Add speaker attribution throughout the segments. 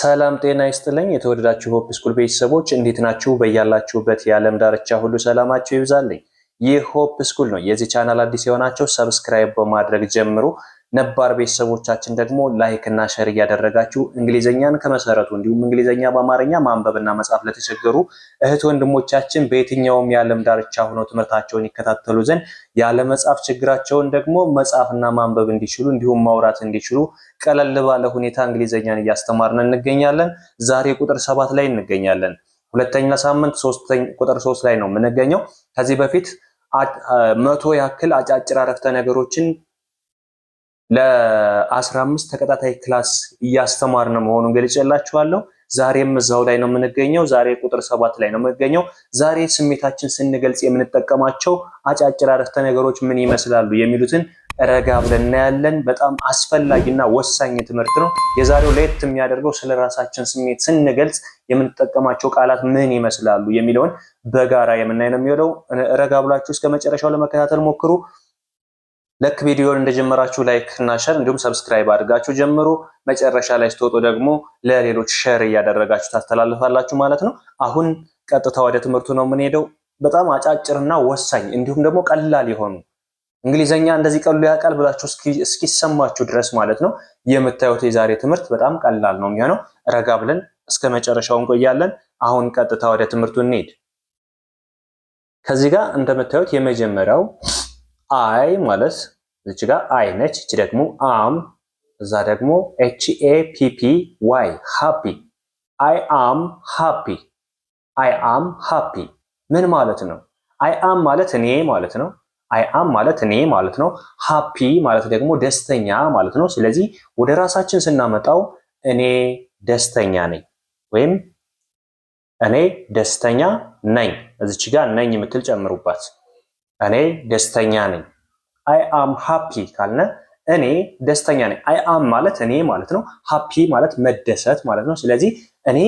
Speaker 1: ሰላም ጤና ይስጥልኝ። የተወደዳችሁ ሆፕ ስኩል ቤተሰቦች እንዴት ናችሁ? በያላችሁበት የዓለም ዳርቻ ሁሉ ሰላማችሁ ይብዛልኝ። ይህ ሆፕ ስኩል ነው። የዚህ ቻናል አዲስ የሆናቸው ሰብስክራይብ በማድረግ ጀምሩ። ነባር ቤተሰቦቻችን ደግሞ ላይክ እና ሸር እያደረጋችሁ እንግሊዝኛን ከመሰረቱ እንዲሁም እንግሊዝኛ በአማርኛ ማንበብና መጻፍ ለተቸገሩ እህት ወንድሞቻችን በየትኛውም የዓለም ዳርቻ ሆነው ትምህርታቸውን ይከታተሉ ዘንድ ያለመጻፍ ችግራቸውን ደግሞ መጻፍና ማንበብ እንዲችሉ እንዲሁም ማውራት እንዲችሉ ቀለል ባለ ሁኔታ እንግሊዝኛን እያስተማርን እንገኛለን። ዛሬ ቁጥር ሰባት ላይ እንገኛለን። ሁለተኛ ሳምንት ቁጥር ሶስት ላይ ነው የምንገኘው። ከዚህ በፊት መቶ ያክል አጫጭር አረፍተ ነገሮችን ለአስራአምስት 15 ተከታታይ ክላስ እያስተማርን መሆኑን ገልጬላችኋለሁ። ዛሬም እዛው ላይ ነው የምንገኘው። ዛሬ ቁጥር ሰባት ላይ ነው የምንገኘው። ዛሬ ስሜታችን ስንገልጽ የምንጠቀማቸው አጫጭር አረፍተ ነገሮች ምን ይመስላሉ የሚሉትን ረጋ ብለን እናያለን። በጣም አስፈላጊና ወሳኝ ትምህርት ነው። የዛሬው ለየት የሚያደርገው ስለ ራሳችን ስሜት ስንገልጽ የምንጠቀማቸው ቃላት ምን ይመስላሉ የሚለውን በጋራ የምናይ ነው የሚውለው። ረጋ ብላችሁ እስከ መጨረሻው ለመከታተል ሞክሩ። ለክ ቪዲዮን እንደጀመራችሁ ላይክ እና ሸር እንዲሁም ሰብስክራይብ አድርጋችሁ ጀምሩ። መጨረሻ ላይ ስትወጡ ደግሞ ለሌሎች ሸር እያደረጋችሁ ታስተላልፋላችሁ ማለት ነው። አሁን ቀጥታ ወደ ትምህርቱ ነው የምንሄደው። በጣም አጫጭርና ወሳኝ እንዲሁም ደግሞ ቀላል የሆኑ እንግሊዘኛ እንደዚህ ቀሉ ያውቃል ብላችሁ እስኪሰማችሁ ድረስ ማለት ነው የምታዩት የዛሬ ትምህርት በጣም ቀላል ነው የሚሆነው። ረጋ ብለን እስከ መጨረሻው እንቆያለን። አሁን ቀጥታ ወደ ትምህርቱ እንሄድ። ከዚህ ጋር እንደምታዩት የመጀመሪያው አይ ማለት እዚች ጋር አይ ነች። እቺ ደግሞ አም፣ እዛ ደግሞ ኤች ኤ ፒ ፒ ዋይ ሃፒ። አይ አም ሃፒ። አይ አም ሃፒ ምን ማለት ነው? አይ አም ማለት እኔ ማለት ነው። አይ አም ማለት እኔ ማለት ነው። ሃፒ ማለት ደግሞ ደስተኛ ማለት ነው። ስለዚህ ወደ ራሳችን ስናመጣው እኔ ደስተኛ ነኝ ወይም እኔ ደስተኛ ነኝ። እዚች ጋር ነኝ የምትል ጨምሩባት። እኔ ደስተኛ ነኝ። አይ አም ሃፒ ካልነ እኔ ደስተኛ ነኝ። አይ አም ማለት እኔ ማለት ነው። ሃፒ ማለት መደሰት ማለት ነው። ስለዚህ እኔ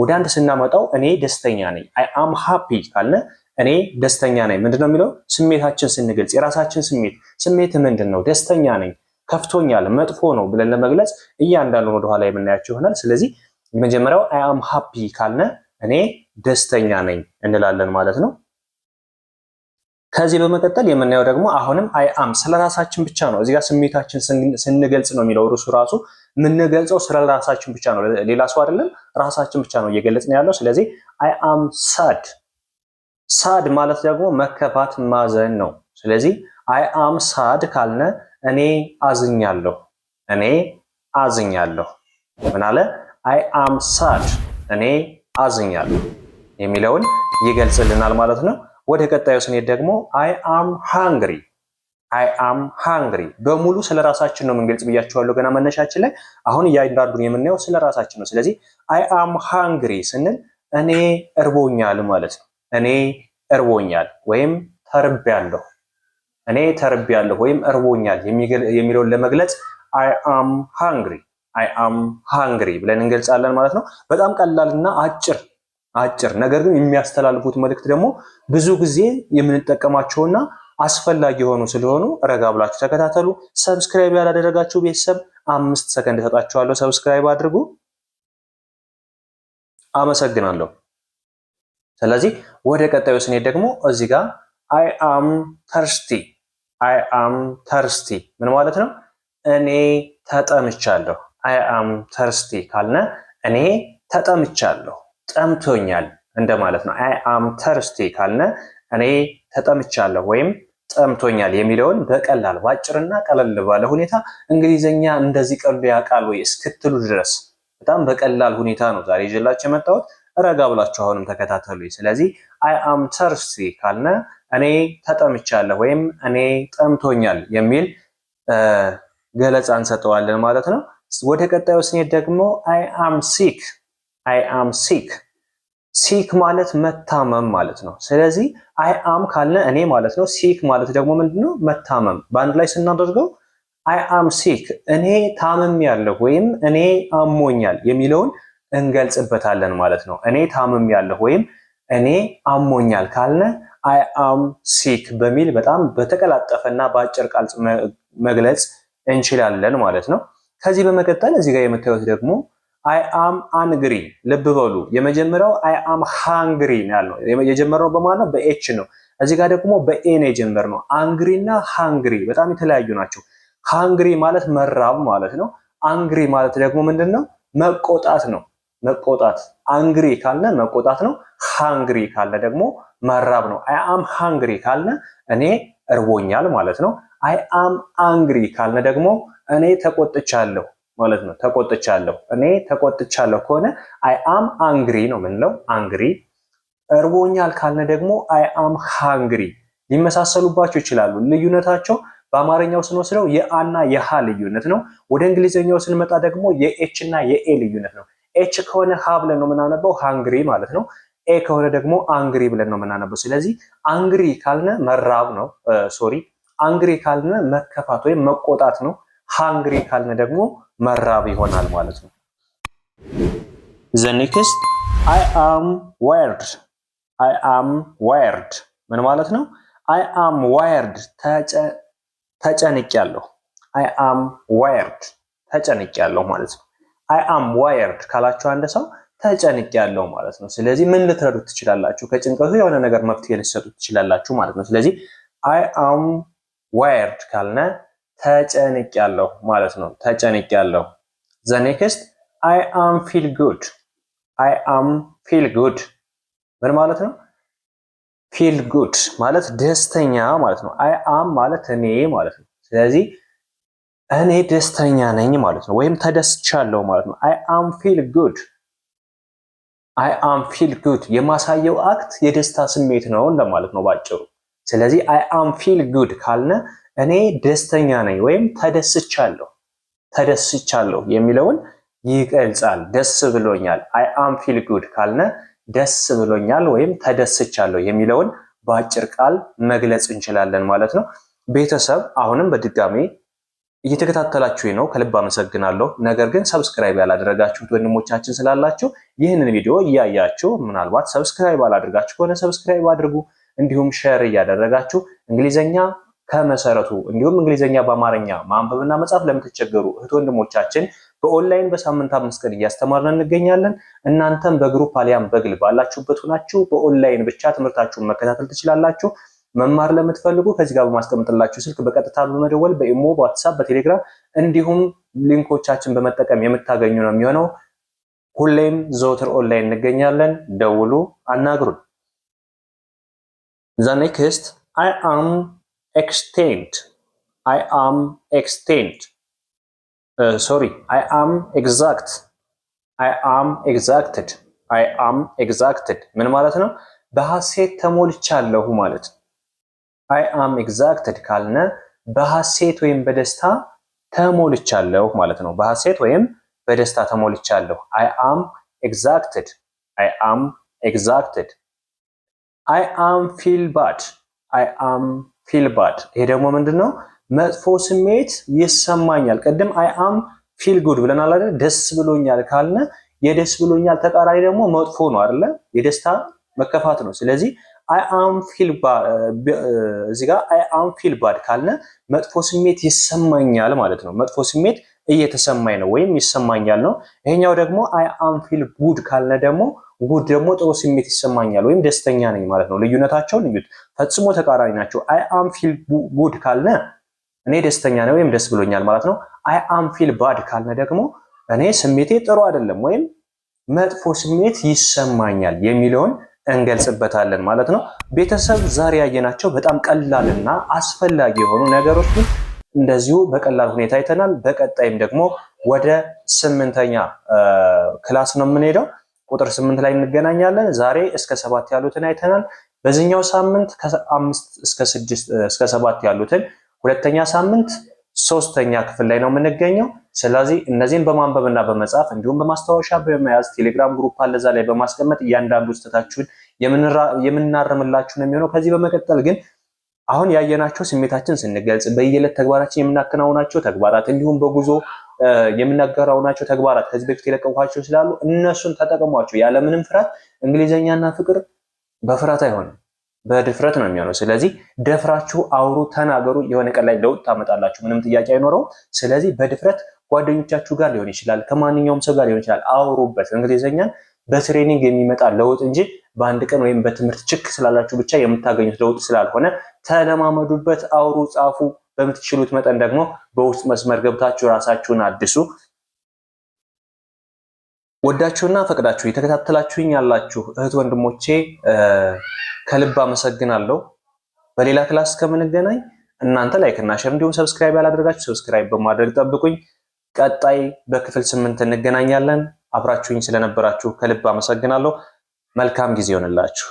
Speaker 1: ወደ አንድ ስናመጣው እኔ ደስተኛ ነኝ። አይ አም ሃፒ ካልነ እኔ ደስተኛ ነኝ ምንድን ነው የሚለው? ስሜታችን ስንገልጽ የራሳችን ስሜት ስሜት ምንድን ነው? ደስተኛ ነኝ፣ ከፍቶኛል፣ መጥፎ ነው ብለን ለመግለጽ እያንዳንዱን ወደኋላ የምናያቸው ይሆናል። ስለዚህ የመጀመሪያው አይ አም ሃፒ ካልነ እኔ ደስተኛ ነኝ እንላለን ማለት ነው። ከዚህ በመቀጠል የምናየው ደግሞ አሁንም አይ አም ስለ ራሳችን ብቻ ነው። እዚጋ ስሜታችን ስንገልጽ ነው የሚለው ርሱ ራሱ የምንገልጸው ስለ ራሳችን ብቻ ነው፣ ሌላ ሰው አይደለም። ራሳችን ብቻ ነው እየገለጽን ያለው። ስለዚህ አይ አም ሳድ። ሳድ ማለት ደግሞ መከፋት፣ ማዘን ነው። ስለዚህ አይ አም ሳድ ካልነ እኔ አዝኛለሁ፣ እኔ አዝኛለሁ። ምን አለ? አይ አም ሳድ፣ እኔ አዝኛለሁ የሚለውን ይገልጽልናል ማለት ነው። ወደ ቀጣዩ ስንሄድ ደግሞ አይ አም ሃንግሪ አይ አም ሃንግሪ በሙሉ ስለ ራሳችን ነው የምንገልጽ ብያቸዋለሁ። ገና መነሻችን ላይ አሁን እያንዳንዱን የምናየው ስለ ራሳችን ነው። ስለዚህ አይ አም ሃንግሪ ስንል እኔ እርቦኛል ማለት ነው። እኔ እርቦኛል ወይም ተርቤያለሁ፣ እኔ ተርቤያለሁ ወይም እርቦኛል የሚለውን ለመግለጽ አይ አም ሃንግሪ አይ አም ሃንግሪ ብለን እንገልጻለን ማለት ነው። በጣም ቀላልና አጭር አጭር፣ ነገር ግን የሚያስተላልፉት መልእክት ደግሞ ብዙ ጊዜ የምንጠቀማቸውና አስፈላጊ የሆኑ ስለሆኑ ረጋ ብላችሁ ተከታተሉ። ሰብስክራይብ ያላደረጋችሁ ቤተሰብ አምስት ሰከንድ ሰጣችኋለሁ፣ ሰብስክራይብ አድርጉ። አመሰግናለሁ። ስለዚህ ወደ ቀጣዩ ስኔት ደግሞ እዚህ ጋር አይ አም ተርስቲ፣ አይ አም ተርስቲ ምን ማለት ነው? እኔ ተጠምቻለሁ። አይ አም ተርስቲ ካልነ እኔ ተጠምቻለሁ ጠምቶኛል እንደማለት ነው። አይ አም ተርስቲ ካልነ እኔ ተጠምቻለሁ ወይም ጠምቶኛል የሚለውን በቀላል በአጭርና ቀለል ባለ ሁኔታ እንግሊዘኛ እንደዚህ ቀሉ ያውቃል ወይ እስክትሉ ድረስ በጣም በቀላል ሁኔታ ነው ዛሬ ይዤላችሁ የመጣሁት። ረጋ ብላችሁ አሁንም ተከታተሉኝ። ስለዚህ አይ አም ተርስቲ ካልነ እኔ ተጠምቻለሁ ወይም እኔ ጠምቶኛል የሚል ገለጻ እንሰጠዋለን ማለት ነው። ወደ ቀጣዩ ስኔት ደግሞ አይ አም ሲክ አይ አም ሲክ ሲክ ማለት መታመም ማለት ነው። ስለዚህ አይ አም ካልነ እኔ ማለት ነው። ሲክ ማለት ደግሞ ምንድነው? መታመም። በአንድ ላይ ስናደርገው አይ አም ሲክ እኔ ታመም ያለሁ ወይም እኔ አሞኛል የሚለውን እንገልጽበታለን ማለት ነው። እኔ ታመም ያለሁ ወይም እኔ አሞኛል ካልነ አይ አም ሲክ በሚል በጣም በተቀላጠፈ እና በአጭር ቃል መግለጽ እንችላለን ማለት ነው። ከዚህ በመቀጠል እዚህ ጋር የምታዩት ደግሞ አይ አም አንግሪ ልብ በሉ። የመጀመሪያው አይ አም ሃንግሪ ነው ያለው። የጀመረው በማለት ነው በኤች ነው። እዚህ ጋር ደግሞ በኤ ነው የጀመርነው። አንግሪ እና ሃንግሪ በጣም የተለያዩ ናቸው። ሃንግሪ ማለት መራብ ማለት ነው። አንግሪ ማለት ደግሞ ምንድን ነው? መቆጣት ነው። መቆጣት አንግሪ ካልነ መቆጣት ነው። ሃንግሪ ካልነ ደግሞ መራብ ነው። አይ አም ሃንግሪ ካልነ እኔ እርቦኛል ማለት ነው። አይ አም አንግሪ ካልነ ደግሞ እኔ ተቆጥቻለሁ ማለት ነው። ተቆጥቻለሁ እኔ ተቆጥቻለሁ ከሆነ አይ አም አንግሪ ነው የምንለው። አንግሪ እርቦኛል ካልነ ደግሞ አይ አም ሃንግሪ ሊመሳሰሉባቸው ይችላሉ። ልዩነታቸው በአማርኛው ስንወስደው የአና የሃ ልዩነት ነው። ወደ እንግሊዝኛው ስንመጣ ደግሞ የኤች እና የኤ ልዩነት ነው። ኤች ከሆነ ሃ ብለን ነው የምናነበው ሃንግሪ ማለት ነው። ኤ ከሆነ ደግሞ አንግሪ ብለን ነው የምናነበው። ስለዚህ አንግሪ ካልነ መራብ ነው። ሶሪ አንግሪ ካልነ መከፋት ወይም መቆጣት ነው። ሃንግሪ ካልን ደግሞ መራብ ይሆናል ማለት ነው። ዘ ኔክስት አይ አም ዋየርድ አይ አም ዋየርድ ምን ማለት ነው? አይ አም ዋየርድ ተጨንቅ ያለሁ አይ አም ዋየርድ ተጨንቅ ያለው ማለት ነው። አይ አም ዋየርድ ካላችሁ አንድ ሰው ተጨንቅ ያለው ማለት ነው። ስለዚህ ምን ልትረዱት ትችላላችሁ? ከጭንቀቱ የሆነ ነገር መፍትሄ ልትሰጡት ትችላላችሁ ማለት ነው። ስለዚህ አይ አም ዋየርድ ካልነ ተጨንቅ ያለው ማለት ነው። ተጨንቅ ያለው ዘ ኔክስት አይ አም ፊል ጉድ አይ አም ፊል ጉድ ምን ማለት ነው? ፊል ጉድ ማለት ደስተኛ ማለት ነው። አይ አም ማለት እኔ ማለት ነው። ስለዚህ እኔ ደስተኛ ነኝ ማለት ነው፣ ወይም ተደስቻለሁ ማለት ነው። አይ አም ፊል ጉድ አይ አም ፊል ጉድ የማሳየው አክት የደስታ ስሜት ነው እንደማለት ነው ባጭሩ። ስለዚህ አይ አም ፊል ጉድ ካልነ እኔ ደስተኛ ነኝ ወይም ተደስቻለሁ ተደስቻለሁ የሚለውን ይገልጻል። ደስ ብሎኛል አይ አም ፊል ጉድ ካልነ ደስ ብሎኛል ወይም ተደስቻለሁ የሚለውን በአጭር ቃል መግለጽ እንችላለን ማለት ነው። ቤተሰብ አሁንም በድጋሜ እየተከታተላችሁ ነው፣ ከልብ አመሰግናለሁ። ነገር ግን ሰብስክራይብ ያላደረጋችሁት ወንድሞቻችን ስላላችሁ ይህንን ቪዲዮ እያያችሁ ምናልባት ሰብስክራይብ አላደርጋችሁ ከሆነ ሰብስክራይብ አድርጉ። እንዲሁም ሼር እያደረጋችሁ እንግሊዘኛ ከመሰረቱ እንዲሁም እንግሊዝኛ በአማርኛ ማንበብና መጻፍ ለምትቸገሩ እህት ወንድሞቻችን በኦንላይን በሳምንት አምስት ቀን እያስተማርን እንገኛለን። እናንተም በግሩፕ አሊያም በግል ባላችሁበት ሆናችሁ በኦንላይን ብቻ ትምህርታችሁን መከታተል ትችላላችሁ። መማር ለምትፈልጉ ከዚህ ጋር በማስቀምጥላችሁ ስልክ በቀጥታ በመደወል በኢሞ፣ በዋትሳፕ፣ በቴሌግራም እንዲሁም ሊንኮቻችን በመጠቀም የምታገኙ ነው የሚሆነው። ሁሌም ዘወትር ኦንላይን እንገኛለን። ደውሉ፣ አናግሩን። ዛኔክስት አይ አም ኤክስቴንድ አይ አም ኤክስቴንድ ሶሪ አይ አም ኤግዛክት አይ አም ኤግዛክትድ አይ አም ኤግዛክትድ ምን ማለት ነው? በሐሴት ተሞልቻለሁ ማለት ነው። አይ አም ኤግዛክትድ ካልነ በሐሴት ወይም በደስታ ተሞልቻለሁ ማለት ነው። በሐሴት ወይም በደስታ ተሞልቻለሁ። አይ አም ኤግዛክትድ አይ አም ኤግዛክትድ አይ አም ፊል ባድ አይ አም ፊል ባድ። ይሄ ደግሞ ምንድን ነው? መጥፎ ስሜት ይሰማኛል። ቅድም አይ አም ፊል ጉድ ብለናል አይደል? ደስ ብሎኛል ካልነ የደስ ብሎኛል ተቃራኒ ደግሞ መጥፎ ነው አይደለ? የደስታ መከፋት ነው። ስለዚህ አይ አም ፊል ባድ እዚህ ጋር አይ አም ፊል ባድ ካልነ መጥፎ ስሜት ይሰማኛል ማለት ነው። መጥፎ ስሜት እየተሰማኝ ነው ወይም ይሰማኛል ነው። ይሄኛው ደግሞ አይ አም ፊል ጉድ ካልነ ደግሞ ጉድ ደግሞ ጥሩ ስሜት ይሰማኛል ወይም ደስተኛ ነኝ ማለት ነው። ልዩነታቸውን እዩት፣ ፈጽሞ ተቃራኒ ናቸው። አይ አም ፊል ጉድ ካልነ እኔ ደስተኛ ነኝ ወይም ደስ ብሎኛል ማለት ነው። አይ አም ፊል ባድ ካልነ ደግሞ እኔ ስሜቴ ጥሩ አይደለም ወይም መጥፎ ስሜት ይሰማኛል የሚለውን እንገልጽበታለን ማለት ነው። ቤተሰብ ዛሬ ያየናቸው በጣም ቀላልና አስፈላጊ የሆኑ ነገሮች እንደዚሁ በቀላል ሁኔታ አይተናል። በቀጣይም ደግሞ ወደ ስምንተኛ ክላስ ነው የምንሄደው። ቁጥር ስምንት ላይ እንገናኛለን። ዛሬ እስከ ሰባት ያሉትን አይተናል። በዚህኛው ሳምንት ከአምስት እስከ ስድስት እስከ ሰባት ያሉትን ሁለተኛ ሳምንት ሶስተኛ ክፍል ላይ ነው የምንገኘው። ስለዚህ እነዚህን በማንበብና በመጻፍ እንዲሁም በማስታወሻ በመያዝ ቴሌግራም ግሩፕ አለ እዛ ላይ በማስቀመጥ እያንዳንዱ ስህተታችሁን የምናርምላችሁ ነው የሚሆነው። ከዚህ በመቀጠል ግን አሁን ያየናቸው ስሜታችን ስንገልጽ፣ በየዕለት ተግባራችን የምናከናውናቸው ተግባራት እንዲሁም በጉዞ ናቸው ተግባራት ከዚህ በፊት የለቀኳቸው ስላሉ እነሱን ተጠቅሟቸው ያለምንም ፍርሃት። እንግሊዝኛና ፍቅር በፍርሃት አይሆንም፣ በድፍረት ነው የሚሆነው። ስለዚህ ደፍራችሁ አውሩ፣ ተናገሩ። የሆነ ቀን ላይ ለውጥ ታመጣላችሁ። ምንም ጥያቄ አይኖረውም። ስለዚህ በድፍረት ጓደኞቻችሁ ጋር ሊሆን ይችላል፣ ከማንኛውም ሰው ጋር ሊሆን ይችላል። አውሩበት። እንግሊዝኛን በትሬኒንግ የሚመጣ ለውጥ እንጂ በአንድ ቀን ወይም በትምህርት ችክ ስላላችሁ ብቻ የምታገኙት ለውጥ ስላልሆነ ተለማመዱበት፣ አውሩ፣ ጻፉ። በምትችሉት መጠን ደግሞ በውስጥ መስመር ገብታችሁ ራሳችሁን አድሱ። ወዳችሁና ፈቅዳችሁ የተከታተላችሁኝ ያላችሁ እህት ወንድሞቼ ከልብ አመሰግናለሁ። በሌላ ክላስ ከምንገናኝ እናንተ ላይክ እና ሸር እንዲሁም ሰብስክራይብ ያላደረጋችሁ ሰብስክራይብ በማድረግ ጠብቁኝ። ቀጣይ በክፍል ስምንት እንገናኛለን። አብራችሁኝ ስለነበራችሁ ከልብ አመሰግናለሁ። መልካም ጊዜ ይሆንላችሁ።